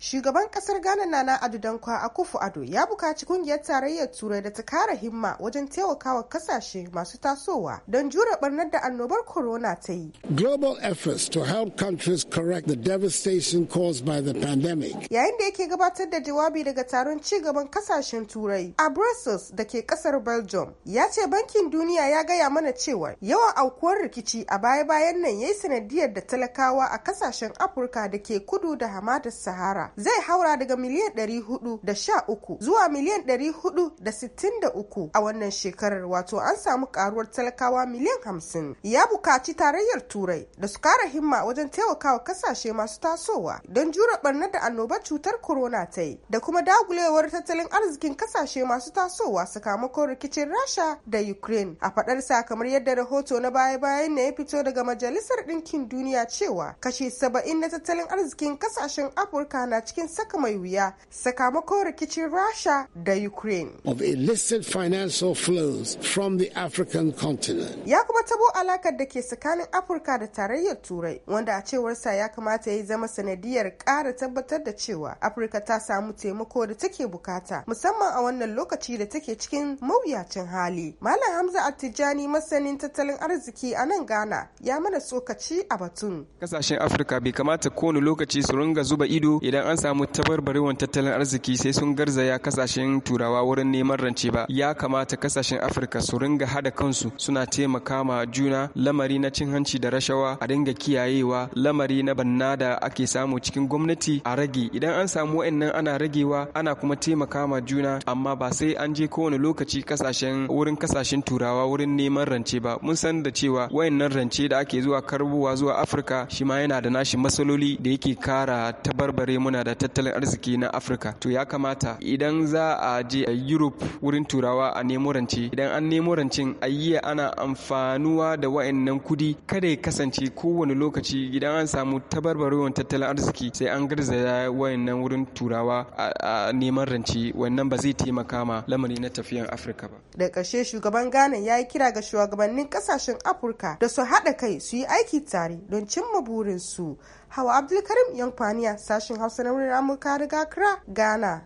shugaban kasar ghana nana adu a akufu ado ya bukaci kungiyar tarayyar turai da ta kara himma wajen taimakawa kasashe masu tasowa don jure barnar da annobar corona ta yi global efforts to help countries correct the devastation caused by the pandemic yayin da yake gabatar da jawabi daga taron ci gaban kasashen turai a brussels da ke kasar belgium ya ce bankin duniya ya gaya mana cewa yawan aukuwar rikici a baya-bayan nan ya yi sanadiyar da talakawa a kasashen afirka da ke kudu da hamadar sahara zai haura daga miliyan 413 zuwa miliyan 463 a wannan shekarar wato an samu karuwar talakawa miliyan 50. Ya bukaci tarayyar Turai da su kara himma wajen taimakawa kasashe masu tasowa don jure barnar da annobar cutar corona ta yi da kuma dagulewar tattalin arzikin kasashe masu tasowa sakamakon rikicin Rasha da Ukraine a faɗarsa kamar yadda rahoto na baya-bayan na ya fito daga Majalisar Ɗinkin Duniya cewa kashe saba'in na tattalin arzikin kasashen Afirka na na cikin saka mai wuya sakamakon rikicin Rasha da Ukraine. Of illicit financial flows from the African continent. Ya kuma tabo alakar da ke tsakanin Afirka da tarayyar Turai wanda a cewarsa ya kamata ya zama sanadiyar ƙara tabbatar da cewa Afirka ta samu taimako da take bukata musamman a wannan lokaci da take cikin mawuyacin hali. Malam Hamza Attijani masanin tattalin arziki a nan Ghana ya mana tsokaci a batun. Kasashen Afirka bai kamata kowane lokaci su ringa zuba ido idan an samu tabarbarewar tattalin arziki sai sun garzaya kasashen turawa wurin neman rance ba ya kamata kasashen afirka su ringa hada kansu suna taimaka ma juna lamari na cin hanci da rashawa a dinga kiyayewa lamari na banna da ake samu cikin gwamnati a rage idan an samu wayannan ana ragewa ana kuma taimaka ma juna amma ba sai an je kowane lokaci kasashen wurin kasashen turawa wurin neman rance ba mun san da cewa wayannan rance da ake zuwa karbowa zuwa afirka shima yana da nashi matsaloli da yake kara tabarbare muna muna da tattalin arziki na afirka to ya kamata idan za a je a europe wurin turawa a nemo rance idan an nemo rancen ayyiya ana amfanuwa da wa'annan kudi kada ya kasance kowane lokaci idan an samu tabarbarewar tattalin arziki sai an garzaya wa'annan wurin turawa a neman rance wannan ba zai taimaka ma lamari na tafiyan afirka ba da ƙarshe shugaban ghana ya yi kira ga shugabannin kasashen afirka da su haɗa kai su yi aiki tare don cimma burinsu Hawa Abdulkarim Yankwaniya sashin Hausa na muryar Amurka daga kra Ghana.